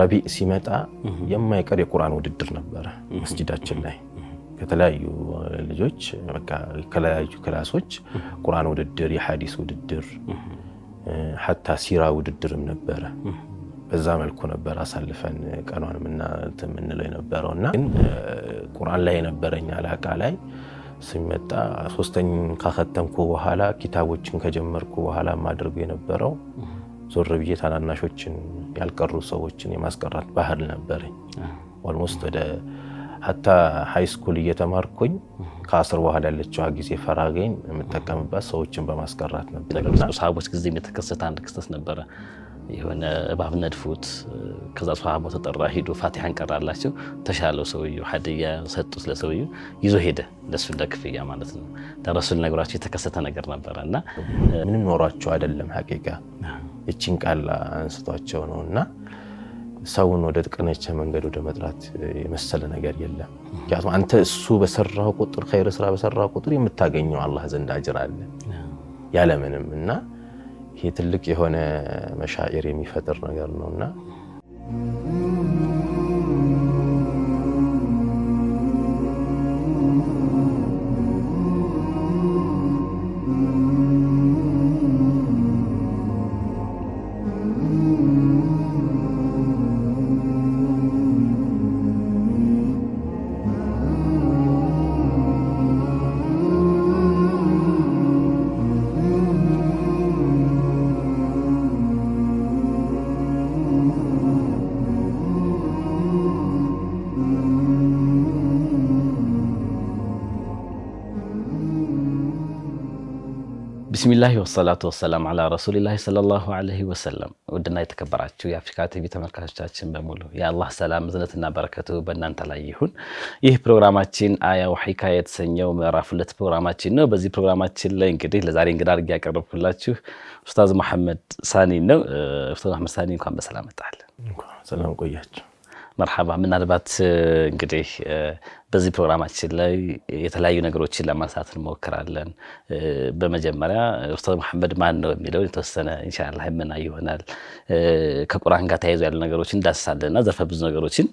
ረቢዕ ሲመጣ የማይቀር የቁርአን ውድድር ነበረ መስጂዳችን ላይ ከተለያዩ ልጆች ከተለያዩ ክላሶች ቁርአን ውድድር፣ የሐዲስ ውድድር፣ ሐታ ሲራ ውድድርም ነበረ። በዛ መልኩ ነበር አሳልፈን ቀኗን የምንለው የነበረው እና ግን ቁርአን ላይ የነበረኝ አላቃ ላይ ሲመጣ ሶስተኝ ካከተምኩ በኋላ ኪታቦችን ከጀመርኩ በኋላ ማድረጉ የነበረው ዞር ብዬ ታናናሾችን ያልቀሩ ሰዎችን የማስቀራት ባህል ነበረኝ። ኦልሞስት ወደ ሀታ ሀይ ስኩል እየተማርኩኝ ከአስር በኋላ ያለችዋ ጊዜ ፈራገኝ የምጠቀምባት ሰዎችን በማስቀራት ነበር። ሰሃቦች ጊዜ የተከሰተ አንድ ክስተት ነበረ። የሆነ እባብ ነድፉት። ከዛ ሰሃቦ ተጠራ፣ ሂዶ ፋቲሃን ቀራላቸው። ተሻለው ሰውዩ ሀድያ ሰጡት ለሰውየው፣ ይዞ ሄደ። ለሱ ለክፍያ ማለት ነው። ለረሱል ነግሯቸው የተከሰተ ነገር ነበረ እና ምንም ኖሯቸው አይደለም ሀቂቃ የቺን ቃል አንስቷቸው ነው እና ሰውን ወደ ጥቅነቸ መንገድ ወደ መጥራት የመሰለ ነገር የለም። ምክንያቱም አንተ እሱ በሰራው ቁጥር ኸይር ስራ በሰራው ቁጥር የምታገኘው አላህ ዘንድ አጅር አለ ያለምንም እና ይሄ ትልቅ የሆነ መሻኤር የሚፈጥር ነገር ነው እና ቢስሚላህ ወሰላቱ ወሰላም አላ ረሱሊላህ ሰለላሁ አለይሂ ወሰለም። ውድና የተከበራችሁ የአፍሪካ ቲቪ ተመልካቾቻችን በሙሉ የአላህ ሰላም እዝነትና በረከቱ በእናንተ ላይ ይሁን። ይህ ፕሮግራማችን አያው ሒካያ የተሰኘው ምዕራፍ ሁለት ፕሮግራማችን ነው። በዚህ ፕሮግራማችን ላይ እንግዲህ ለዛሬ እንግዳ አድርጌ ያቀረብኩላችሁ ኡስታዝ መሐመድ ሳኒ ነው። ኡስታዝ መሐመድ ሳኒ እንኳን በሰላም መጣል። ሰላም ቆያችሁ። መርሃባ ምናልባት እንግዲህ በዚህ ፕሮግራማችን ላይ የተለያዩ ነገሮችን ለማንሳት እንሞክራለን። በመጀመሪያ ኡስታዝ መሐመድ ማን ነው የሚለውን የተወሰነ እንሻላ የምናይ ይሆናል። ከቁርአን ጋር ተያይዞ ያሉ ነገሮችን እንዳስሳለን እና ዘርፈ ብዙ ነገሮችን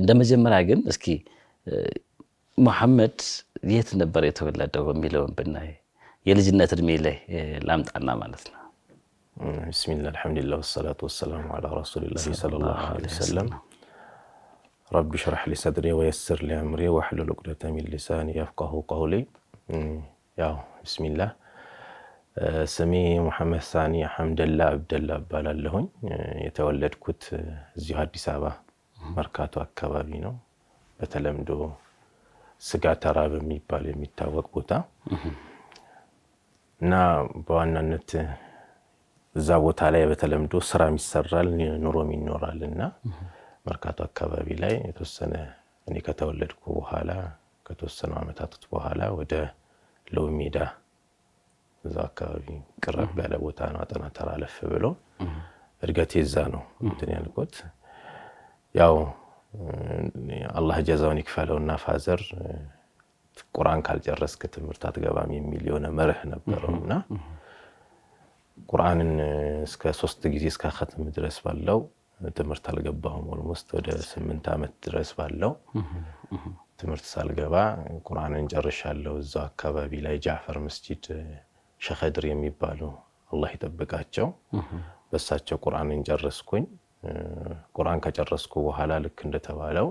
እንደ መጀመሪያ ግን እስኪ መሐመድ የት ነበር የተወለደው የሚለውን ብናይ የልጅነት እድሜ ላይ ላምጣና ማለት ነው። ቢስሚላህ አልሐምዱሊላህ ወሰላቱ ወሰላሙ አላ ረሱሊላህ ሰለላሁ ዐለይሂ ወሰለም ረቢ ሽረሕ ሊ ሰድሪ ወየስር ሊ አምሪ ወሕሉል ዑቅደተ ሚን ሊሳኒ የፍቀሁ ቀውሊ። ያው ብስሚላህ ስሜ ሙሐመድ ሳኒ ሐምደላ አብደላ እባላለሁኝ። የተወለድኩት እዚሁ አዲስ አበባ መርካቶ አካባቢ ነው። በተለምዶ ስጋ ተራ በሚባል የሚታወቅ ቦታ እና በዋናነት እዛ ቦታ ላይ በተለምዶ ስራም ይሰራል ኑሮም ይኖራል እና መርካቶ አካባቢ ላይ የተወሰነ እኔ ከተወለድኩ በኋላ ከተወሰኑ ዓመታት በኋላ ወደ ሎሚ ሜዳ እዛው አካባቢ ቅረብ ያለ ቦታ ነው። አጠና ተራለፍ ብሎ እድገቴ እዛ ነው እንትን ያልኩት። ያው አላህ ጀዛውን ይክፈለው እና ፋዘር ቁርአን ካልጨረስክ ትምህርት አትገባም የሚል የሆነ መርህ ነበረው እና ቁርአንን እስከ ሶስት ጊዜ እስከ ከትም ድረስ ባለው ትምህርት አልገባሁም። ኦልሞስት ወደ ስምንት ዓመት ድረስ ባለው ትምህርት ሳልገባ ቁርአንን ጨርሻለሁ። እዛው አካባቢ ላይ ጃፈር መስጂድ ሸኸድር የሚባሉ አላህ ይጠብቃቸው፣ በሳቸው ቁርአንን ጨረስኩኝ። ቁርአን ከጨረስኩ በኋላ ልክ እንደተባለው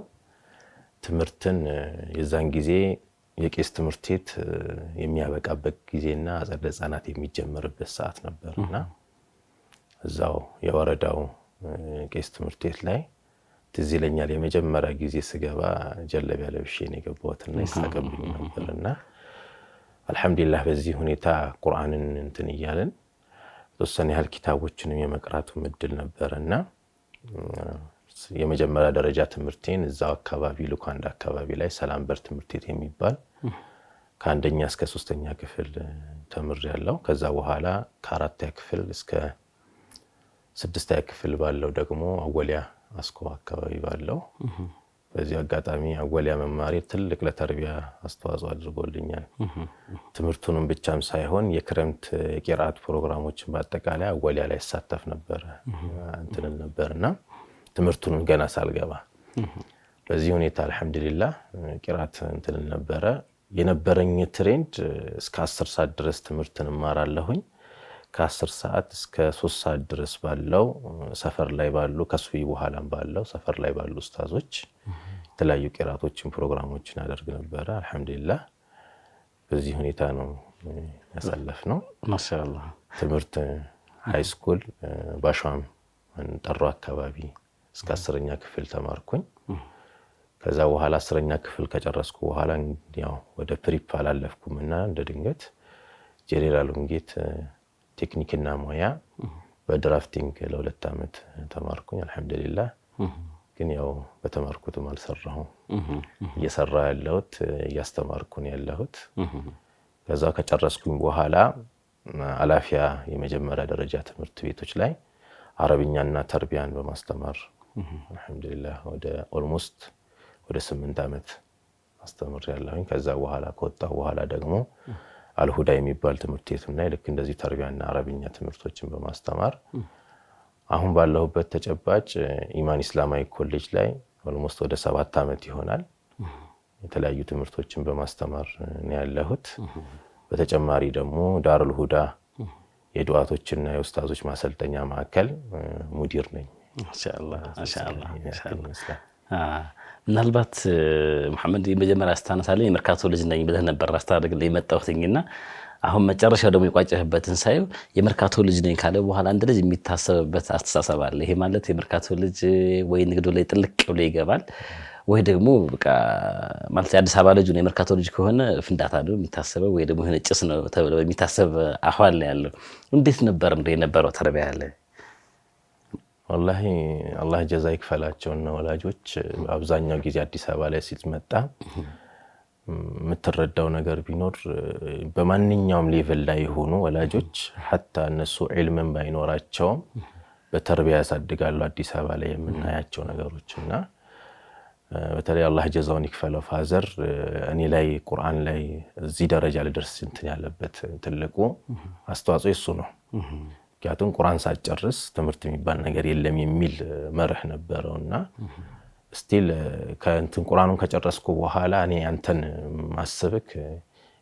ትምህርትን የዛን ጊዜ የቄስ ትምህርት ቤት የሚያበቃበት ጊዜና አጸደ ህጻናት የሚጀመርበት ሰዓት ነበር እና እዛው የወረዳው ቄስ ትምህርት ቤት ላይ ትዝ ይለኛል የመጀመሪያ ጊዜ ስገባ ጀለቢያ ለብሼ ነው የገባሁትና ይሳቀብኝ ነበር እና አልሐምዱሊላህ በዚህ ሁኔታ ቁርአንን እንትን እያለን የተወሰነ ያህል ኪታቦችንም የመቅራቱ ምድል ነበረ እና የመጀመሪያ ደረጃ ትምህርቴን እዛው አካባቢ አንድ አካባቢ ላይ ሰላም በር ትምህርት ቤት የሚባል ከአንደኛ እስከ ሶስተኛ ክፍል ተምር ያለው ከዛ በኋላ ከአራተኛ ክፍል እስከ ስድስተኛ ክፍል ባለው ደግሞ አወሊያ አስኮ አካባቢ ባለው በዚህ አጋጣሚ አወሊያ መማሪ ትልቅ ለተርቢያ አስተዋጽኦ አድርጎልኛል። ትምህርቱንም ብቻም ሳይሆን የክረምት የቂርአት ፕሮግራሞችን በአጠቃላይ አወሊያ ላይ ይሳተፍ ነበረ እንትንል ነበር እና ትምህርቱንም ገና ሳልገባ በዚህ ሁኔታ አልሐምድሊላ ቂርአት እንትንል ነበረ። የነበረኝ ትሬንድ እስከ አስር ሰዓት ድረስ ትምህርትን እማራለሁኝ። ከአስር ሰዓት እስከ ሶስት ሰዓት ድረስ ባለው ሰፈር ላይ ባሉ ከሱ በኋላም ባለው ሰፈር ላይ ባሉ ኡስታዞች የተለያዩ ቂራቶችን ፕሮግራሞችን አደርግ ነበረ። አልሐምዱሊላህ በዚህ ሁኔታ ነው ያሳለፍ ነው። ትምህርት ሃይስኩል ባሸም ጠሩ አካባቢ እስከ አስረኛ ክፍል ተማርኩኝ። ከዛ በኋላ አስረኛ ክፍል ከጨረስኩ በኋላ ያው ወደ ፕሪፕ አላለፍኩም እና እንደ ድንገት ጄኔራል ውንጌት ቴክኒክና ሙያ በድራፍቲንግ ለሁለት ዓመት ተማርኩኝ። አልሐምዱሊላህ ግን ያው በተማርኩትም አልሰራሁም። እየሰራ ያለሁት እያስተማርኩን ያለሁት ከዛ ከጨረስኩኝ በኋላ አላፊያ የመጀመሪያ ደረጃ ትምህርት ቤቶች ላይ አረብኛና ተርቢያን በማስተማር አልሐምዱሊላህ ወደ ኦልሞስት ወደ ስምንት ዓመት አስተምር ያለሁኝ። ከዛ በኋላ ከወጣ በኋላ ደግሞ አልሁዳ የሚባል ትምህርት ቤት እና ልክ እንደዚህ ተርቢያና አረብኛ ትምህርቶችን በማስተማር አሁን ባለሁበት ተጨባጭ ኢማን ኢስላማዊ ኮሌጅ ላይ ኦልሞስት ወደ ሰባት ዓመት ይሆናል የተለያዩ ትምህርቶችን በማስተማር ነው ያለሁት። በተጨማሪ ደግሞ ዳሩል ሁዳ የድዋቶችና የኡስታዞች ማሰልጠኛ ማዕከል ሙዲር ነኝ። ማሻአላህ ማሻአላህ። ምናልባት መሐመድ መጀመሪያ ስታነሳለኝ የመርካቶ ልጅ ነኝ ብለህ ነበር አስተዳደግ ላይ የመጣሁትኝና አሁን መጨረሻ ደግሞ የቋጨህበትን ሳየው የመርካቶ ልጅ ነኝ ካለ በኋላ አንድ ልጅ የሚታሰብበት አስተሳሰብ አለ። ይሄ ማለት የመርካቶ ልጅ ወይ ንግዱ ላይ ጥልቅ ብሎ ይገባል ወይ ደግሞ ማለት የአዲስ አበባ ልጅ የመርካቶ ልጅ ከሆነ ፍንዳታ ነው የሚታሰበው፣ ወይ ደግሞ ጭስ ነው ተብሎ የሚታሰብ አኋል ያለው። እንዴት ነበር የነበረው ተርቢያ ያለ ወላሂ አላህ ጀዛ ይክፈላቸውና ወላጆች አብዛኛው ጊዜ አዲስ አበባ ላይ ሲመጣ የምትረዳው ነገር ቢኖር በማንኛውም ሌቭል ላይ የሆኑ ወላጆች ሐታ እነሱ ዒልምን ባይኖራቸውም በተርቢያ ያሳድጋሉ። አዲስ አበባ ላይ የምናያቸው ነገሮች እና በተለይ አላህ ጀዛውን ይክፈለው ፋዘር እኔ ላይ ቁርአን ላይ እዚህ ደረጃ ልደርስ እንትን ያለበት ትልቁ አስተዋጽኦ እሱ ነው። ምክንያቱም ቁራን ሳጨርስ ትምህርት የሚባል ነገር የለም የሚል መርህ ነበረው እና ስቲል ከእንትን ቁራኑን ከጨረስኩ በኋላ እኔ አንተን ማስብክ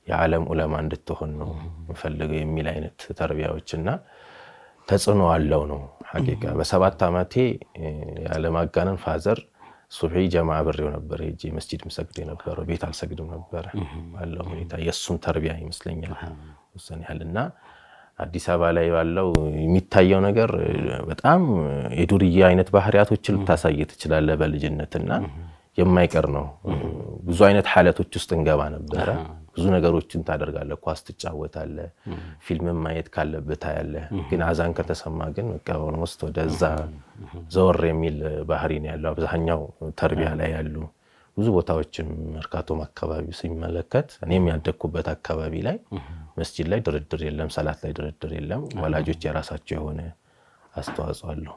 የዓለም ዑለማ እንድትሆን ነው የምፈልገው የሚል አይነት ተርቢያዎች እና ተጽዕኖ አለው ነው ሐቂቃ። በሰባት ዓመቴ ያለማጋነን ፋዘር ሱብሒ ጀማ ብሬው ነበረ ሄጄ መስጂድ ምሰግድ የነበረው ቤት አልሰግድም ነበረ ባለው ሁኔታ የእሱም ተርቢያ ይመስለኛል ውሰን ያህል እና አዲስ አበባ ላይ ባለው የሚታየው ነገር በጣም የዱርዬ አይነት ባህሪያቶችን ልታሳይ ትችላለህ በልጅነትና የማይቀር ነው። ብዙ አይነት ሀለቶች ውስጥ እንገባ ነበረ። ብዙ ነገሮችን ታደርጋለህ፣ ኳስ ትጫወታለህ፣ ፊልምን ማየት ካለብህ ታያለህ። ግን አዛን ከተሰማ ግን በቃ ኦልሞስት ወደዛ ዘወር የሚል ባህሪ ነው ያለው አብዛኛው ተርቢያ ላይ ያሉ ብዙ ቦታዎችም መርካቶም አካባቢ ሲመለከት እኔም ያደግኩበት አካባቢ ላይ መስጂድ ላይ ድርድር የለም፣ ሰላት ላይ ድርድር የለም። ወላጆች የራሳቸው የሆነ አስተዋጽኦ አለው።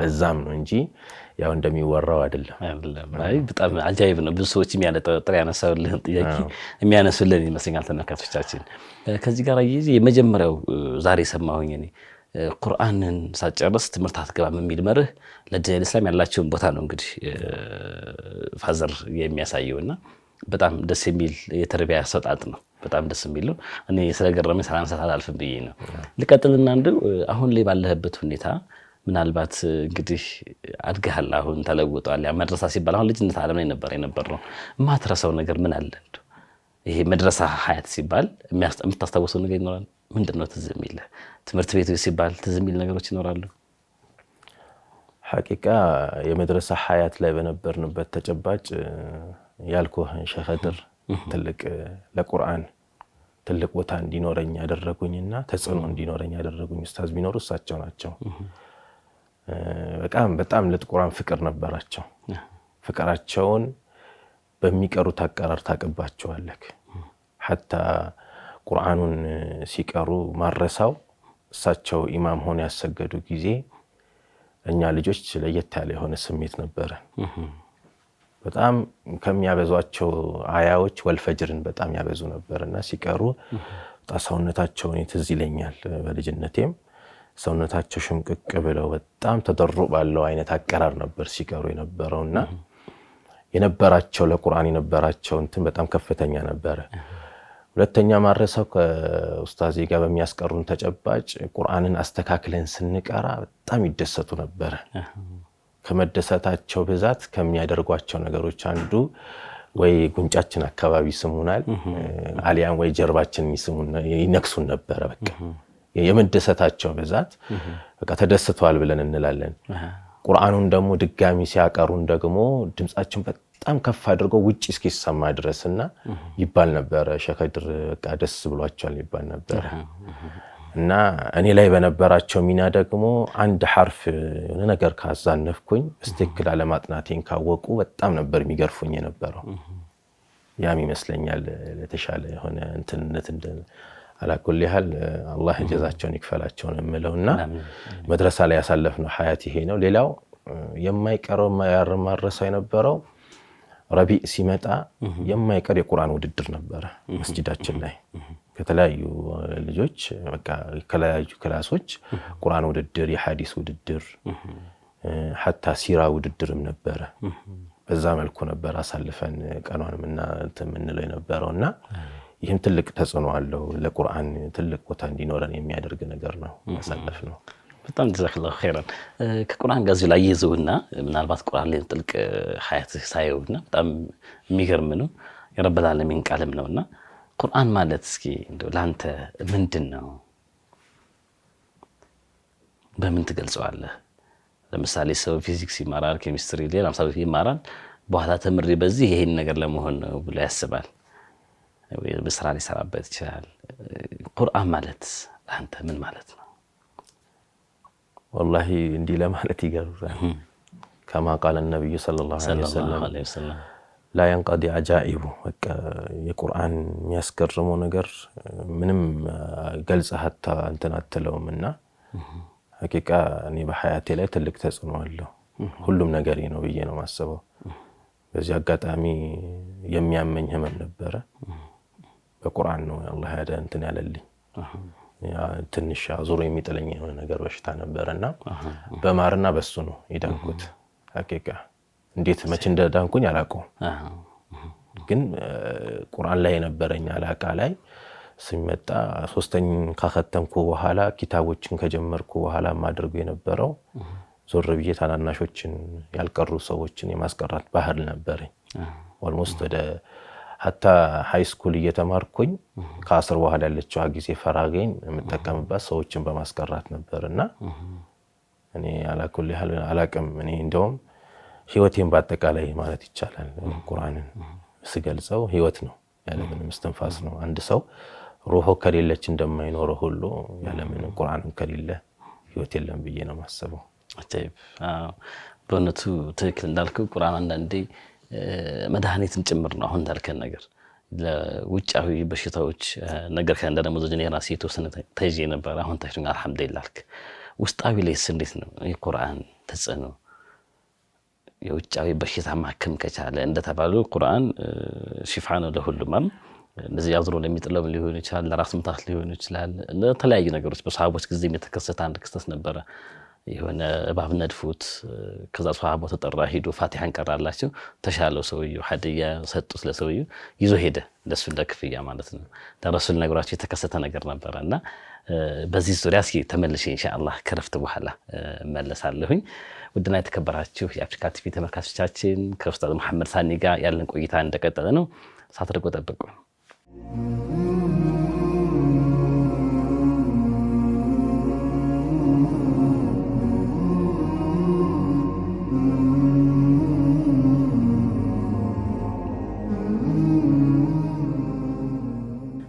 ለዛም ነው እንጂ ያው እንደሚወራው አይደለም። በጣም አጃይብ ነው። ብዙ ሰዎች የሚያነጠጥር ያነሳልን ጥያቄ የሚያነሱልን ይመስለኛል ተመልካቶቻችን። ከዚህ ጋር የመጀመሪያው ዛሬ ሰማሁኝ እኔ ቁርአንን ሳጨርስ ትምህርት አትገባም የሚል መርህ ለዲን ስላም ያላቸውን ቦታ ነው እንግዲህ ፋዘር የሚያሳየው እና በጣም ደስ የሚል የተርቢያ አሰጣጥ ነው። በጣም ደስ የሚል ነው። እኔ ስለገረመኝ ሰላምሳት አላልፍም ብዬ ነው። ልቀጥልና አንዱ አሁን ላይ ባለህበት ሁኔታ ምናልባት እንግዲህ አድገሃል፣ አሁን ተለውጠዋል። ያ መድረሳ ሲባል አሁን ልጅነት ዓለም ላይ ነበር የነበር ነው። የማትረሳው ነገር ምን አለ? ይሄ መድረሳ ሀያት ሲባል የምታስታውሰው ነገር ይኖራል? ምንድን ነው ትዝ የሚል ትምህርት ቤት ሲባል ትዝ የሚል ነገሮች ይኖራሉ? ሐቂቃ የመድረሳ ሀያት ላይ በነበርንበት ተጨባጭ ያልኩህ ሸኸድር ትልቅ ለቁርአን ትልቅ ቦታ እንዲኖረኝ ያደረጉኝና ተጽዕኖ እንዲኖረኝ ያደረጉኝ ኡስታዝ ቢኖሩ እሳቸው ናቸው። በጣም በጣም ለቁርአን ፍቅር ነበራቸው። ፍቅራቸውን በሚቀሩት አቀራር ታቅባቸዋለክ ሐታ ቁርአኑን ሲቀሩ ማረሳው እሳቸው ኢማም ሆነ ያሰገዱ ጊዜ እኛ ልጆች ለየት ያለ የሆነ ስሜት ነበረ። በጣም ከሚያበዟቸው አያዎች ወልፈጅርን በጣም ያበዙ ነበር እና ሲቀሩ ሰውነታቸውን ትዝ ይለኛል። በልጅነቴም ሰውነታቸው ሽምቅቅ ብለው በጣም ተደሩ ባለው አይነት አቀራር ነበር ሲቀሩ የነበረው እና የነበራቸው ለቁርአን የነበራቸው እንትን በጣም ከፍተኛ ነበረ። ሁለተኛ ማረሰው ከኡስታዜ ጋር በሚያስቀሩን ተጨባጭ ቁርአንን አስተካክለን ስንቀራ በጣም ይደሰቱ ነበረ። ከመደሰታቸው ብዛት ከሚያደርጓቸው ነገሮች አንዱ ወይ ጉንጫችን አካባቢ ይስሙናል፣ አሊያም ወይ ጀርባችን ይነክሱን ነበረ። በቃ የመደሰታቸው ብዛት በቃ ተደስተዋል ብለን እንላለን። ቁርአኑን ደግሞ ድጋሚ ሲያቀሩን ደግሞ ድምፃችን በጣም ከፍ አድርገው ውጭ እስኪሰማ ድረስ እና ይባል ነበረ። ሸከድር በቃ ደስ ብሏቸዋል ይባል ነበረ እና እኔ ላይ በነበራቸው ሚና ደግሞ አንድ ሐርፍ የሆነ ነገር ካዛነፍኩኝ በትክክል አለማጥናቴን ካወቁ በጣም ነበር የሚገርፉኝ የነበረው። ያም ይመስለኛል ለተሻለ የሆነ እንትንነት እንደ አላኩል ያህል አላህ እጀዛቸውን ይክፈላቸው ነው የምለው እና መድረሳ ላይ ያሳለፍነው ሀያት ይሄ ነው። ሌላው የማይቀረው የማያረሳው የነበረው ረቢዕ ሲመጣ የማይቀር የቁርአን ውድድር ነበረ መስጂዳችን ላይ ከተለያዩ ልጆች ከተለያዩ ክላሶች ቁርአን ውድድር፣ የሐዲስ ውድድር፣ ሐታ ሲራ ውድድርም ነበረ። በዛ መልኩ ነበር አሳልፈን ቀኗን የምንለው የነበረው እና ይህም ትልቅ ተጽዕኖ አለው። ለቁርአን ትልቅ ቦታ እንዲኖረን የሚያደርግ ነገር ነው። ያሳለፍ ነው። በጣም ጀዛክላ ኸይራን ከቁርአን ጋር እዚሁ ላይ ይዘውና ምናልባት ቁርአን ላይ ጥልቅ ሀያት ሳየውና በጣም የሚገርም ነው የረብል ዓለሚን ቃልም ነውና ቁርአን ማለት እስኪ እንደው ለአንተ ምንድን ነው? በምን ትገልጸዋለህ? ለምሳሌ ሰው ፊዚክስ ይማራል፣ ኬሚስትሪ፣ ሌላ ሳብ ይማራል። በኋላ ተምሬ በዚህ ይሄን ነገር ለመሆን ነው ብሎ ያስባል፣ በስራ ሊሰራበት ይችላል። ቁርአን ማለት ለአንተ ምን ማለት ነው? ወላሂ እንዲህ ለማለት ይገርዛል። ከማ ቃለ ነቢዩ ሰለላሁ ዐለይሂ ወሰለም ላ የንቀዲ አጃኢቡ የቁርአን የሚያስገርመው ነገር ምንም ገልጽ ሀታ እንትን አትለውም። እና ሀቂቃ እኔ በሀያቴ ላይ ትልቅ ተጽዕኖ አለው ሁሉም ነገር ነው ብዬ ነው ማስበው። በዚህ አጋጣሚ የሚያመኝ ህመም ነበረ። በቁርአን ነው አላህ ያደ እንትን ያለልኝ ትንሽ አዙሮ የሚጥለኝ የሆነ ነገር በሽታ ነበር እና በማርና በሱ ነው የዳንኩት። ሀቂቃ እንዴት መቼ እንደዳንኩኝ አላውቀውም፣ ግን ቁርአን ላይ የነበረኝ አላቃ ላይ ሲመጣ ሶስተኝ ካከተምኩ በኋላ ኪታቦችን ከጀመርኩ በኋላ ማድረጉ የነበረው ዞር ብዬ ታናናሾችን ያልቀሩ ሰዎችን የማስቀራት ባህል ነበረኝ ኦልሞስት ወደ ሀታ ሃይስኩል እየተማርኩኝ ከአስር በኋላ ያለችዋ ጊዜ ፈራገኝ የምጠቀምባት ሰዎችን በማስቀራት ነበር እና እኔ አላኩል ያህል አላቅም። እኔ እንደውም ህይወቴን በአጠቃላይ ማለት ይቻላል ቁርአንን ስገልጸው ህይወት ነው፣ ያለምንም እስትንፋስ ነው። አንድ ሰው ሩሆ ከሌለች እንደማይኖረው ሁሉ ያለምንም ቁርአንም ከሌለ ህይወት የለም ብዬ ነው ማስበው። በእውነቱ ትክክል እንዳልከው ቁርአን አንዳንዴ መድኃኒትን ጭምር ነው። አሁን እንዳልከን ነገር ለውጫዊ በሽታዎች ነገር ከእንደ ደግሞ ዘጅኔ ራሴ የተወሰነ ተይዤ ነበር። አሁን ታሽ አልሐምዱሊላህ አልክ። ውስጣዊ ላይስ እንዴት ነው የቁርአን ተጽዕኖ? የውጫዊ በሽታ ማከም ከቻለ እንደተባሉ ቁርአን ሽፋ ነው ለሁሉም አይደል? እንደዚህ አዝሮ ለሚጥለው ሊሆን ይችላል፣ ለራስ ምታት ሊሆን ይችላል፣ ለተለያዩ ነገሮች። በሰሃቦች ጊዜ የተከሰተ አንድ ክስተት ነበረ። የሆነ እባብ ነድፉት። ከዛ ሰሃቦ ተጠራ ሄዶ ፋቲሐን ቀራላቸው ተሻለው። ሰውዩ ሀድያ ሰጡት ለሰውየው ይዞ ሄደ፣ ለሱ ለክፍያ ማለት ነው። ለረሱል ነግሯቸው የተከሰተ ነገር ነበረ እና በዚህ ዙሪያ እስኪ ተመልሼ ኢንሻአላህ ከረፍት በኋላ መለሳለሁኝ። ውድና የተከበራችሁ የአፍሪካ ቲቪ ተመልካቾቻችን ከኡስታዝ መሐመድ ሳኒ ጋር ያለን ቆይታ እንደቀጠለ ነው። ሳትርቆ ጠብቁ።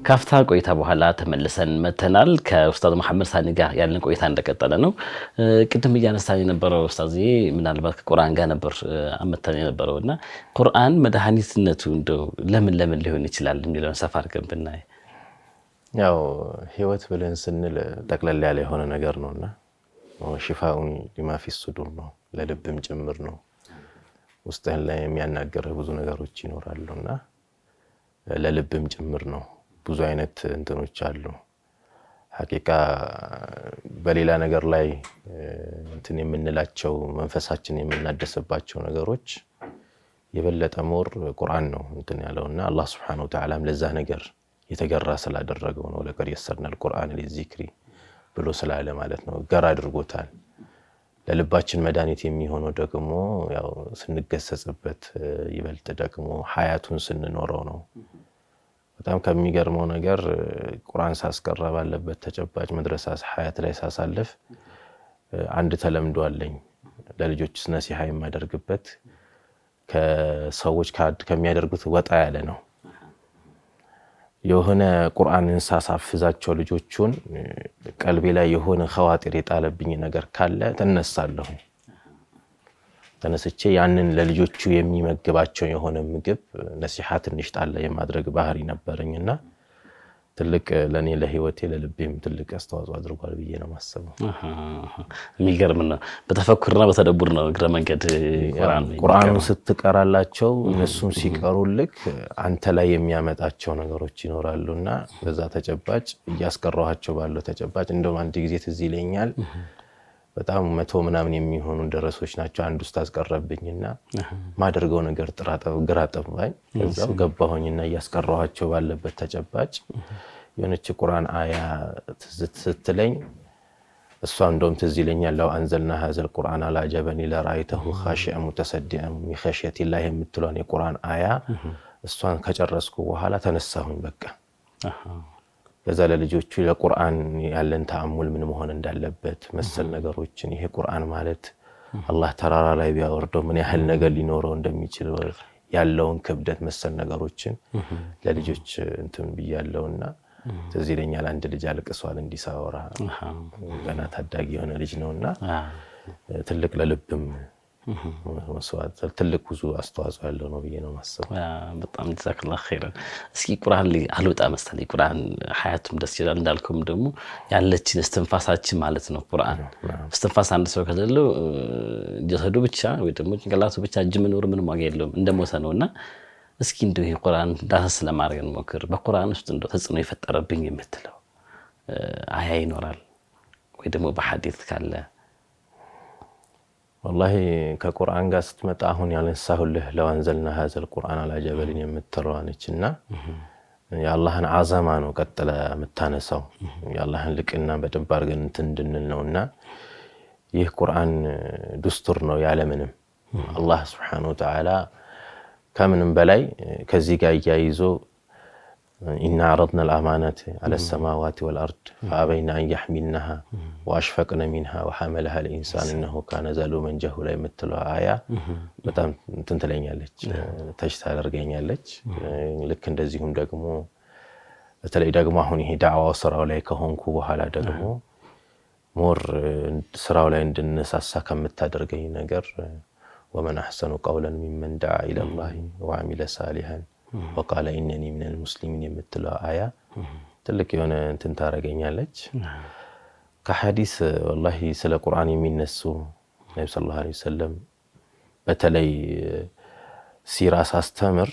ካፍታ ቆይታ በኋላ ተመልሰን መተናል። ከኡስታዝ መሐመድ ሳኒ ጋር ያለን ቆይታ እንደቀጠለ ነው። ቅድም እያነሳን የነበረው ኡስታዝዬ ምናልባት ከቁርአን ጋር ነበር አመተን የነበረው እና ቁርአን መድኃኒትነቱ እንደው ለምን ለምን ሊሆን ይችላል የሚለውን ሰፋ አድርገን ብናይ፣ ያው ህይወት ብለን ስንል ጠቅለል ያለ የሆነ ነገር ነው እና ሽፋኡን ሊማ ሱዱር ነው፣ ለልብም ጭምር ነው። ውስጥህን ላይ የሚያናገርህ ብዙ ነገሮች ይኖራሉ እና ለልብም ጭምር ነው ብዙ አይነት እንትኖች አሉ። ሀቂቃ በሌላ ነገር ላይ እንትን የምንላቸው መንፈሳችን የምናደስባቸው ነገሮች የበለጠ ሞር ቁርአን ነው እንትን ያለው እና አላህ ስብሐነሁ ወተዓላም ለዛ ነገር የተገራ ስላደረገው ነው። ለቀድ የሰርናል ቁርአን ሊዚክሪ ብሎ ስላለ ማለት ነው ገር አድርጎታል። ለልባችን መድኃኒት የሚሆነው ደግሞ ያው ስንገሰጽበት ይበልጥ ደግሞ ሀያቱን ስንኖረው ነው። በጣም ከሚገርመው ነገር ቁርአን ሳስቀራ ባለበት ተጨባጭ መድረሳ ሀያት ላይ ሳሳልፍ አንድ ተለምዶ አለኝ ለልጆች ነሲሃ የማደርግበት ከሰዎች ከሚያደርጉት ወጣ ያለ ነው። የሆነ ቁርአንን ሳሳፍዛቸው ልጆቹን ቀልቤ ላይ የሆነ ከዋጢር የጣለብኝ ነገር ካለ እነሳለሁ። ተነስቼ ያንን ለልጆቹ የሚመግባቸው የሆነ ምግብ ነሲሓ ትንሽ ጣለ የማድረግ ባህሪ ነበረኝ እና ትልቅ ለእኔ ለህይወቴ ለልቤም ትልቅ አስተዋጽኦ አድርጓል ብዬ ነው ማሰበው። የሚገርም ነው። በተፈኩርና በተደቡር ነው እግረ መንገድ ቁርአኑ ስትቀራላቸው እነሱም ሲቀሩ ልክ አንተ ላይ የሚያመጣቸው ነገሮች ይኖራሉ እና በዛ ተጨባጭ እያስቀረኋቸው ባለው ተጨባጭ እንደውም አንድ ጊዜ ትዝ ይለኛል በጣም መቶ ምናምን የሚሆኑ ደረሶች ናቸው። አንድ ውስጥ አስቀረብኝና ማደርገው ነገር ግራ ጠባኝ። እዛው ገባሁኝና እያስቀረኋቸው ባለበት ተጨባጭ የሆነች ቁርአን አያ ስትለኝ እሷ እንደውም ትዝ ይለኛል። ለው አንዘልና ሀዘል ቁርአን አላ ጀበኒ ለራአይተሁ ኻሺዐ ሙተሰዲዐ ሚን ኸሽየቲላህ የምትለውን የቁርአን አያ እሷን ከጨረስኩ በኋላ ተነሳሁኝ በቃ በዛ ለልጆቹ ለቁርአን ያለን ተአሙል ምን መሆን እንዳለበት መሰል ነገሮችን ይሄ ቁርአን ማለት አላህ ተራራ ላይ ቢያወርደው ምን ያህል ነገር ሊኖረው እንደሚችል ያለውን ክብደት መሰል ነገሮችን ለልጆች እንትን ብያለውና ትዝ ይለኛል። አንድ ልጅ አልቅሷል እንዲሳወራ ገና ታዳጊ የሆነ ልጅ ነውና ትልቅ ለልብም ትልቅ ብዙ አስተዋጽኦ ያለው ነው ብዬ ነው ማሰብ። በጣም ጀዛክላ ኸይረን። እስኪ ቁርአን ላይ አልወጣ መሰለኝ ቁርአን ሀያቱም ደስ ይላል እንዳልከውም ደግሞ ያለችን እስትንፋሳችን ማለት ነው ቁርአን። እስትንፋስ አንድ ሰው ከሌለው ጀሰዱ ብቻ ወይ ደግሞ ጭንቅላቱ ብቻ እጅ መኖር ምንም ዋጋ የለውም እንደሞተ ነው እና እስኪ እንደ ይሄ ቁርአን ዳሰስ ለማድረግ እንሞክር። በቁርአን ውስጥ እንደ ተጽዕኖ የፈጠረብኝ የምትለው አያ ይኖራል ወይ ደግሞ በሀዲት ካለ ወላሂ ከቁርአን ጋር ስትመጣ አሁን ያነሳሁልህ ለዋንዘልና ሀዘል ቁርአን አላጀበልን የምትለዋ እና የአላህን አዘማ ነው ቀጥለ የምታነሳው የአላህን ልቅና በደንብ አድርገን እንትን እንድንል ነው እና ይህ ቁርአን ዱስቱር ነው ያለምንም አላህ ስብሓነሁ ወተዓላ ከምንም በላይ ከዚህ ጋር እያይዞ ኢና ዓረድና ልአማናት ዓላ ሰማዋት ወልአርድ ፈአበይና አን ያሕሚልናሃ ወአሽፈቅነ ሚንሃ ወሐመልሃ ልኢንሳን እነሁ ካነ ዘሉመን ጀሁላ የምትለው አያ በጣም እንትን ትለኛለች፣ ተች ታደርገኛለች። ልክ እንደዚሁም ደግሞ በተለይ ደግሞ አሁን ይሄ ዳዕዋው ስራው ላይ ከሆንኩ በኋላ ደግሞ ሞር ስራው ላይ እንድነሳሳ ከምታደርገኝ ነገር ወመን አሕሰኑ ቀውለን ሚመን ደዓ ኢለላሂ ወአሚለ ሳሊሃን ወቃለ ኢነኒ ሚነል ሙስሊሚን የምትለው አያ ትልቅ የሆነ እንትን ታደርገኛለች። ከሐዲስ ወላሂ ስለ ቁርአን የሚነሱ ነቢ ሰለላሁ ዐለይሂ ወሰለም በተለይ ሲራ ሳስተምር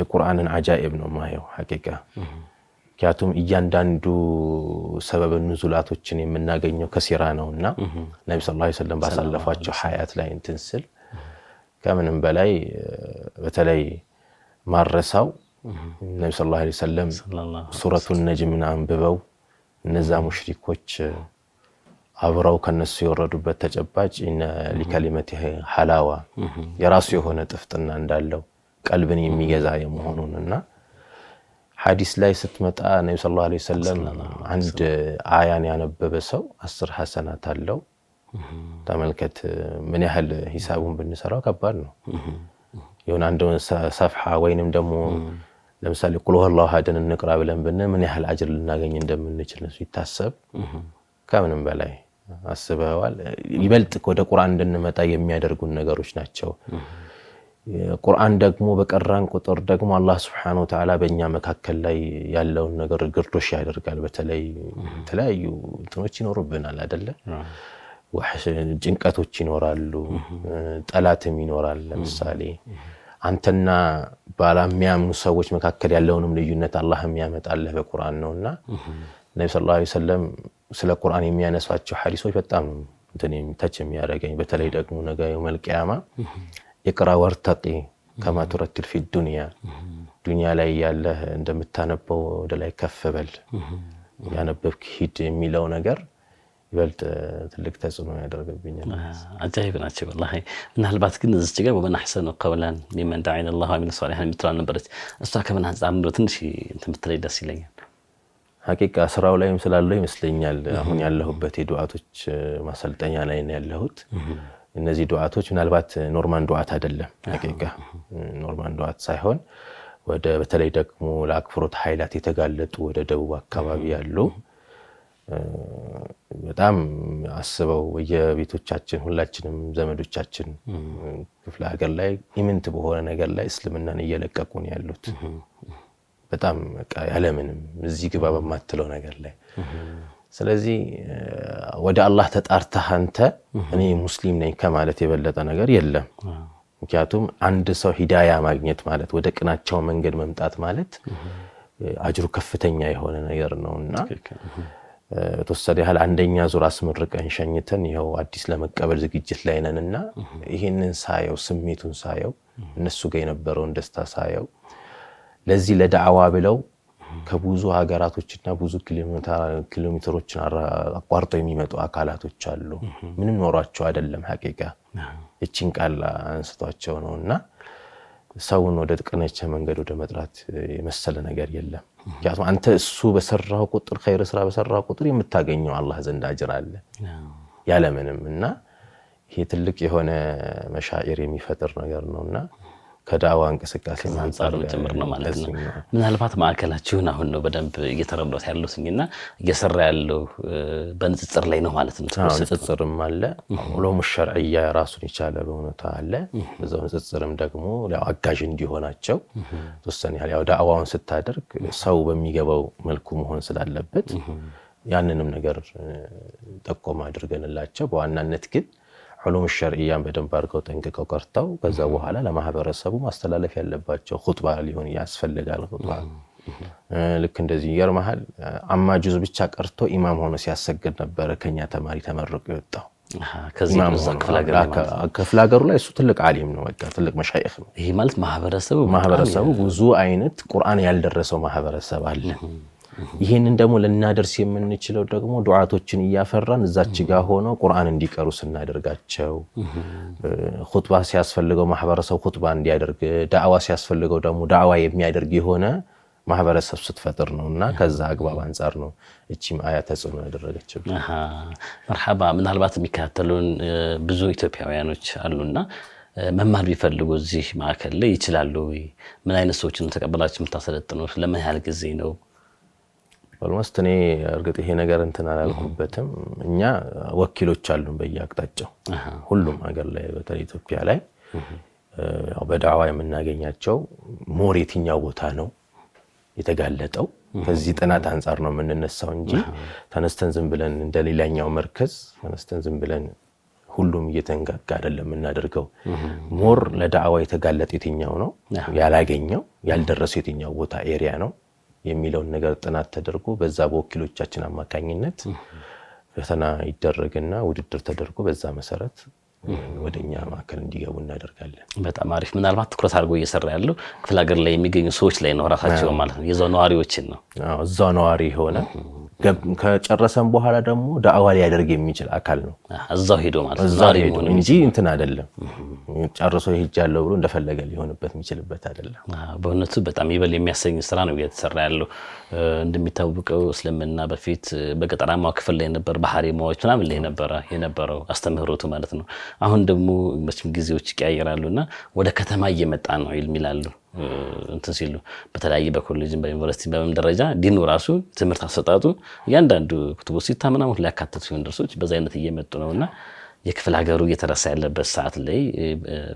የቁርአንን አጃኢብ ነው ማየው ሐቂቃ። ምክንያቱም እያንዳንዱ ሰበብ ኑዙላቶችን የምናገኘው ከሲራ ነው እና ነቢ ሰለላሁ ዐለይሂ ወሰለም ባሳለፏቸው ሀያት ላይ እንትን ስል ከምንም በላይ በተለይ ማረሳው ነቢ ስለ ላ ሰለም ሱረቱን ነጅምን አንብበው እነዛ ሙሽሪኮች አብረው ከነሱ የወረዱበት ተጨባጭ ሊከሊመት ሀላዋ የራሱ የሆነ ጥፍጥና እንዳለው ቀልብን የሚገዛ የመሆኑን እና ሀዲስ ላይ ስትመጣ ነቢ ስለ ላ ሰለም አንድ አያን ያነበበ ሰው አስር ሐሰናት አለው። ተመልከት ምን ያህል ሂሳቡን ብንሰራው ከባድ ነው። የሆነ አንድን ሰፍሓ ወይንም ደግሞ ለምሳሌ ቁልሆ ላሁ አሐድን እንቅራ ብለን ብን ምን ያህል አጅር ልናገኝ እንደምንችል ይታሰብ። ከምንም በላይ አስበዋል። ይበልጥ ወደ ቁርአን እንድንመጣ የሚያደርጉን ነገሮች ናቸው። ቁርአን ደግሞ በቀራን ቁጥር ደግሞ አላህ ስብሐነሁ ወተዓላ በእኛ መካከል ላይ ያለውን ነገር ግርዶሽ ያደርጋል። በተለይ የተለያዩ እንትኖች ይኖሩብናል አይደለም ጭንቀቶች ይኖራሉ፣ ጠላትም ይኖራል። ለምሳሌ አንተና ባላሚያምኑ ሰዎች መካከል ያለውንም ልዩነት አላህ የሚያመጣልህ በቁርአን ነው እና ነቢ ስ ላ ሰለም ስለ ቁርአን የሚያነሷቸው ሀዲሶች በጣም ተች የሚያደርገኝ በተለይ ደግሞ ነገ የውመል ቂያማ ወርተቂ ከማ ቱረትል ፊ ዱንያ ዱንያ ላይ ያለህ እንደምታነበው ወደ ላይ ከፍ በል ያነበብክ ሂድ የሚለው ነገር ይበልጥ ትልቅ ተጽዕኖ ያደረገብኛል። አጃይብ ናቸው ወላሂ። ምናልባት ግን እዚች ጋር ወመን አሕሰኑ ቀውላን ሚመን ደዓ ኢለላህ ወዐሚለ ሷሊሐን የምትለዋል ነበረች። እሷ ከምን አንጻር እንደው ትንሽ እንትን ብትለኝ ደስ ይለኛል። ሀቂቃ ስራው ላይም ስላለው ይመስለኛል። አሁን ያለሁበት የዱዓቶች ማሰልጠኛ ላይ ነው ያለሁት። እነዚህ ዱዓቶች ምናልባት ኖርማን ዱዓት አይደለም። ሀቂቃ ኖርማን ዱዓት ሳይሆን ወደ በተለይ ደግሞ ለአክፍሮት ኃይላት የተጋለጡ ወደ ደቡብ አካባቢ ያሉ በጣም አስበው የቤቶቻችን ሁላችንም ዘመዶቻችን ክፍለ ሀገር ላይ ኢምንት በሆነ ነገር ላይ እስልምናን እየለቀቁ ነው ያሉት። በጣም ያለምንም እዚህ ግባ በማትለው ነገር ላይ ስለዚህ ወደ አላህ ተጣርተህ አንተ እኔ ሙስሊም ነኝ ከማለት የበለጠ ነገር የለም። ምክንያቱም አንድ ሰው ሂዳያ ማግኘት ማለት ወደ ቅናቸው መንገድ መምጣት ማለት አጅሩ ከፍተኛ የሆነ ነገር ነውና የተወሰደ ያህል አንደኛ ዙር አስመርቀን ሸኝተን ይኸው አዲስ ለመቀበል ዝግጅት ላይ ነን እና ይህንን ሳየው ስሜቱን ሳየው እነሱ ጋር የነበረውን ደስታ ሳየው ለዚህ ለዳዕዋ ብለው ከብዙ ሀገራቶችና ብዙ ኪሎ ሜትሮችን አቋርጠው የሚመጡ አካላቶች አሉ። ምንም ኖሯቸው አይደለም ሀቂቃ እችን ቃል አንስቷቸው ነው እና ሰውን ወደ ጥቅነቸ መንገድ ወደ መጥራት የመሰለ ነገር የለም። ምክንያቱም አንተ እሱ በሰራው ቁጥር ኸይር ስራ በሰራው ቁጥር የምታገኘው አላህ ዘንድ አጅር አለ ያለምንም እና ይሄ ትልቅ የሆነ መሻኤር የሚፈጥር ነገር ነውና ከዳዋ እንቅስቃሴ አንጻሩም ጭምር ነው ማለት ነው። ምናልባት ማዕከላችሁን አሁን ነው በደንብ እየተረዳሁት ያለሁትና እየሰራ ያለው በንጽጽር ላይ ነው ማለት ነው። ንጽጽርም አለ ሎሙ ሸርዕያ ራሱን የቻለ በእውነታ አለ። እዛው ንጽጽርም ደግሞ አጋዥ እንዲሆናቸው ተወሰን ያህል ያው ዳዕዋውን ስታደርግ ሰው በሚገባው መልኩ መሆን ስላለበት ያንንም ነገር ጠቆም አድርገንላቸው በዋናነት ግን ዑሉም ሸርዕያን በደንብ አድርገው ጠንቅቀው ቀርተው ከዛ በኋላ ለማህበረሰቡ ማስተላለፍ ያለባቸው ሁጥባ ሊሆን ያስፈልጋል። ሁጥባ ልክ እንደዚህ ይገርመሃል፣ አማጁዝ ብቻ ቀርቶ ኢማም ሆኖ ሲያሰግድ ነበረ። ከኛ ተማሪ ተመርቆ የወጣው ክፍለ ሀገሩ ላይ እሱ ትልቅ አሊም ነው፣ በቃ ትልቅ መሻይኽ ነው። ይሄ ማለት ማህበረሰቡ ብዙ አይነት ቁርአን ያልደረሰው ማህበረሰብ አለ ይህንን ደግሞ ልናደርስ የምንችለው ደግሞ ዱዓቶችን እያፈራን እዛች ጋ ሆኖ ቁርአን እንዲቀሩ ስናደርጋቸው፣ ሁጥባ ሲያስፈልገው ማህበረሰብ ሁጥባ እንዲያደርግ፣ ዳዕዋ ሲያስፈልገው ደግሞ ዳዕዋ የሚያደርግ የሆነ ማህበረሰብ ስትፈጥር ነው እና ከዛ አግባብ አንጻር ነው እቺ አያ ተጽዕኖ ያደረገችው። መርሓባ። ምናልባት የሚከታተሉን ብዙ ኢትዮጵያውያኖች አሉና መማር ቢፈልጉ እዚህ ማዕከል ላይ ይችላሉ። ምን አይነት ሰዎች ተቀበላችሁ የምታሰለጥኑት? ለምን ያህል ጊዜ ነው? ኦልሞስት እኔ እርግጥ ይሄ ነገር እንትን አላልኩበትም። እኛ ወኪሎች አሉን በየአቅጣጫው ሁሉም ሀገር ላይ በተለይ ኢትዮጵያ ላይ በዳዋ የምናገኛቸው ሞር የትኛው ቦታ ነው የተጋለጠው ከዚህ ጥናት አንጻር ነው የምንነሳው እንጂ ተነስተን ዝም ብለን እንደ ሌላኛው መርከዝ ተነስተን ዝም ብለን ሁሉም እየተንጋጋ አይደለም የምናደርገው። ሞር ለዳዕዋ የተጋለጠ የትኛው ነው፣ ያላገኘው ያልደረሰው የትኛው ቦታ ኤሪያ ነው የሚለውን ነገር ጥናት ተደርጎ በዛ በወኪሎቻችን አማካኝነት ፈተና ይደረግና ውድድር ተደርጎ በዛ መሰረት ወደ እኛ ማዕከል እንዲገቡ እናደርጋለን። በጣም አሪፍ። ምናልባት ትኩረት አድርጎ እየሰራ ያለው ክፍለ ሀገር ላይ የሚገኙ ሰዎች ላይ ነው፣ ራሳቸው ማለት ነው፣ የዛው ነዋሪዎችን ነው። እዛው ነዋሪ የሆነ ከጨረሰም በኋላ ደግሞ ዳዕዋ ሊያደርግ የሚችል አካል ነው። እዛው ሄዶ ማለት እዛው ሄዶ እንጂ እንትን አይደለም ጨርሶ ሄጃለሁ ብሎ እንደፈለገ ሊሆንበት የሚችልበት አይደለም። በእውነቱ በጣም ይበል የሚያሰኝ ስራ ነው እየተሰራ ያለው። እንደሚታወቀው እስልምና በፊት በገጠራማው ክፍል ላይ ነበር፣ በሀሪማዎች ምናምን ላይ ነበረ የነበረው አስተምህሮቱ ማለት ነው። አሁን ደግሞ መቼም ጊዜዎች እና ወደ ከተማ እየመጣ ነው ይላሉ እንትን ሲሉ በተለያየ በኮሌጅ በዩኒቨርሲቲ በምንም ደረጃ ዲኑ ራሱ ትምህርት አሰጣጡ እያንዳንዱ ክትቡ ሲታ ምናምን ሊያካትቱ ሲሆን ደርሶች በዛ አይነት እየመጡ ነው እና የክፍለ ሀገሩ እየተረሳ ያለበት ሰዓት ላይ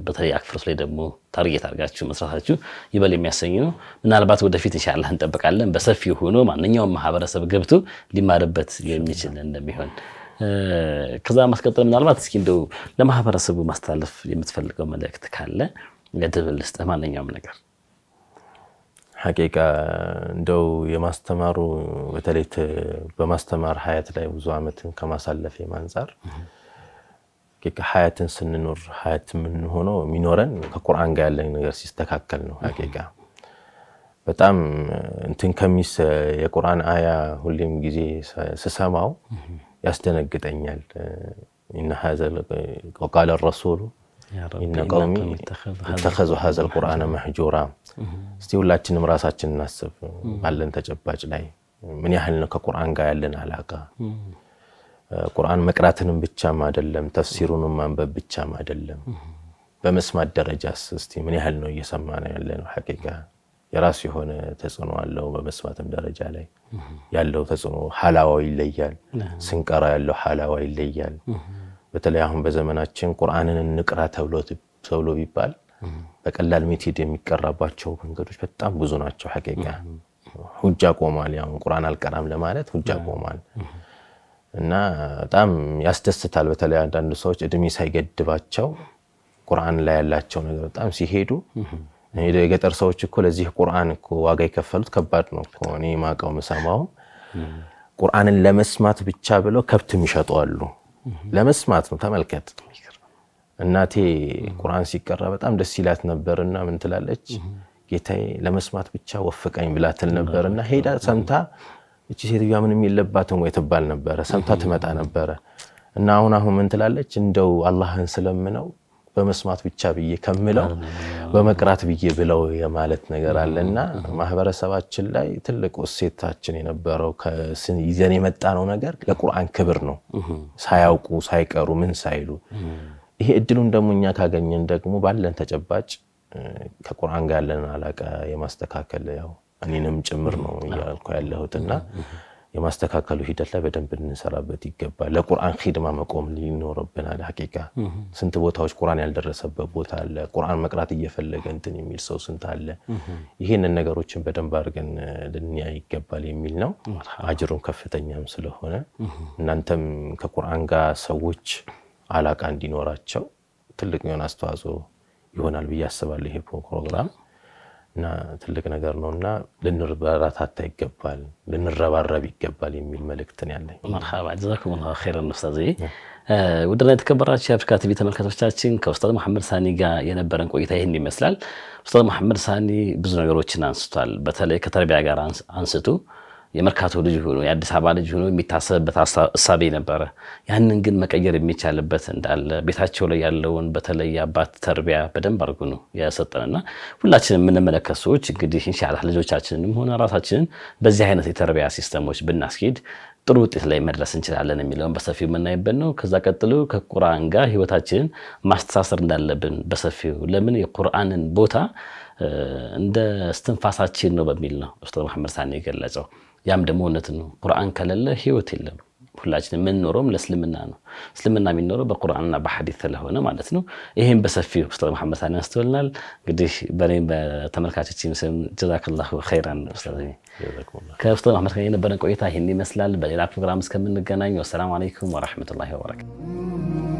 በተለይ አክፍሎት ላይ ደግሞ ታርጌት አድርጋችሁ መስራታችሁ ይበል የሚያሰኝ ነው። ምናልባት ወደፊት ኢንሻላህ እንጠብቃለን። በሰፊ ሆኖ ማንኛውም ማህበረሰብ ገብቶ ሊማርበት የሚችል እንደሚሆን ከዛ ማስቀጠል ምናልባት እስኪ እንደው ለማህበረሰቡ ማስተላለፍ የምትፈልገው መልእክት ካለ ለድብል ስጥ ማንኛውም ነገር ሐቂቃ እንደው የማስተማሩ በተለይ በማስተማር ሀያት ላይ ብዙ አመትን ከማሳለፍ አንጻር ሀያትን ስንኖር ሀያት የምንሆነው የሚኖረን ከቁርአን ጋር ያለን ነገር ሲስተካከል ነው። ሐቂቃ በጣም እንትን ከሚስ የቁርአን አያ ሁሌም ጊዜ ስሰማው ያስደነግጠኛል። ኢነ ሀዘ ቃለ ረሱሉ ኢነቀውሚ ተኸዙ ሀዘ ልቁርአነ መህጁራ። እስቲ ሁላችንም ራሳችን እናስብ፣ ባለን ተጨባጭ ላይ ምን ያህል ነው ከቁርአን ጋር ያለን አላቃ? ቁርአን መቅራትንም ብቻም አይደለም፣ ተፍሲሩንም ማንበብ ብቻም አይደለም። በመስማት ደረጃስ እስቲ ምን ያህል ነው እየሰማ ነው ያለ ነው? ሐቂቃ የራሱ የሆነ ተጽዕኖ አለው። በመስማትም ደረጃ ላይ ያለው ተጽዕኖ ሀላዋ ይለያል። ስንቀራ ያለው ሀላዋ ይለያል። በተለይ አሁን በዘመናችን ቁርአንን እንቅራ ተብሎ ቢባል በቀላል ሜቴድ የሚቀራባቸው መንገዶች በጣም ብዙ ናቸው። ሐቂቃ ሁጃ ቆሟል። ያሁን ቁርአን አልቀራም ለማለት ሁጃ ቆሟል እና በጣም ያስደስታል። በተለይ አንዳንድ ሰዎች እድሜ ሳይገድባቸው ቁርአን ላይ ያላቸው ነገር በጣም ሲሄዱ የገጠር ሰዎች እኮ ለዚህ ቁርአን እኮ ዋጋ የከፈሉት ከባድ ነው እኮ። እኔ ማውቀው ቁርአንን ለመስማት ብቻ ብለው ከብት ይሸጡ አሉ። ለመስማት ነው። ተመልከት እናቴ ቁርአን ሲቀራ በጣም ደስ ይላት ነበርና ምን ትላለች? ጌታዬ ለመስማት ብቻ ወፍቀኝ ብላትል ነበርና ሄዳ ሰምታ እቺ ሴትዮዋ ምንም የለባትም ወይ ትባል ነበረ። ሰምታ ትመጣ ነበረ እና አሁን አሁን ምን ትላለች? እንደው አላህን ስለምነው በመስማት ብቻ ብዬ ከምለው በመቅራት ብዬ ብለው የማለት ነገር አለ እና ማህበረሰባችን ላይ ትልቅ እሴታችን የነበረው ይዘን የመጣ ነው ነገር ለቁርአን ክብር ነው። ሳያውቁ ሳይቀሩ ምን ሳይሉ ይሄ እድሉን ደግሞ እኛ ካገኘን ደግሞ ባለን ተጨባጭ ከቁርአን ጋር ያለን አላቃ የማስተካከል ያው እኔንም ጭምር ነው እያልኩ ያለሁትና የማስተካከሉ ሂደት ላይ በደንብ እንሰራበት ይገባል። ለቁርአን ሂድማ መቆም ሊኖርብናል። ሀቂቃ ስንት ቦታዎች ቁርአን ያልደረሰበት ቦታ አለ። ቁርአን መቅራት እየፈለገ እንትን የሚል ሰው ስንት አለ። ይህንን ነገሮችን በደንብ አድርገን ልንያ ይገባል የሚል ነው። አጅሩም ከፍተኛም ስለሆነ እናንተም ከቁርአን ጋር ሰዎች አላቃ እንዲኖራቸው ትልቅ የሆነ አስተዋጽኦ ይሆናል ብዬ አስባለሁ ይሄ ፕሮግራም እና ትልቅ ነገር ነው እና ልንበረታታ ይገባል፣ ልንረባረብ ይገባል የሚል መልእክትን ያለኝ። መርሓባ ጀዛኩሙላሁ ኸይረን ኡስታዝ። ውድና የተከበራችሁ የአፍሪካ ቲቪ ተመልካቶቻችን ከኡስታዝ መሐመድ ሳኒ ጋር የነበረን ቆይታ ይህን ይመስላል። ኡስታዝ መሐመድ ሳኒ ብዙ ነገሮችን አንስቷል። በተለይ ከተርቢያ ጋር አንስቱ የመርካቶ ልጅ ሆኖ የአዲስ አበባ ልጅ ሆኖ የሚታሰብበት እሳቤ ነበረ። ያንን ግን መቀየር የሚቻልበት እንዳለ ቤታቸው ላይ ያለውን በተለይ አባት ተርቢያ በደንብ አድርጎ ነው ያሰጠንና ሁላችንም የምንመለከት ሰዎች እንግዲህ እንሻላ ልጆቻችንም ሆነ ራሳችንን በዚህ አይነት የተርቢያ ሲስተሞች ብናስኬድ ጥሩ ውጤት ላይ መድረስ እንችላለን የሚለውን በሰፊው የምናይበት ነው። ከዛ ቀጥሎ ከቁርአን ጋር ህይወታችንን ማስተሳሰር እንዳለብን በሰፊው ለምን የቁርአንን ቦታ እንደ እስትንፋሳችን ነው በሚል ነው ኡስታዝ መሐመድ ሳኔ የገለጸው። ያም ደግሞ እውነት ነው። ቁርአን ከሌለ ህይወት የለም። ሁላችን የምንኖረውም ለእስልምና ነው። እስልምና የሚኖረው በቁርአንና በሐዲት ስለሆነ ማለት ነው። ይህም በሰፊው ኡስታዝ መሐመድ ሳኒ አንስቶልናል። እንግዲህ በእኔም በተመልካቾችም ስም ጀዛከላሁ ኸይራን። ከኡስታዝ መሐመድ ጋር የነበረን ቆይታ ይህን ይመስላል። በሌላ ፕሮግራም እስከምንገናኝ ወሰላሙ አለይኩም ወረሕመቱላሂ ወበረካቱ።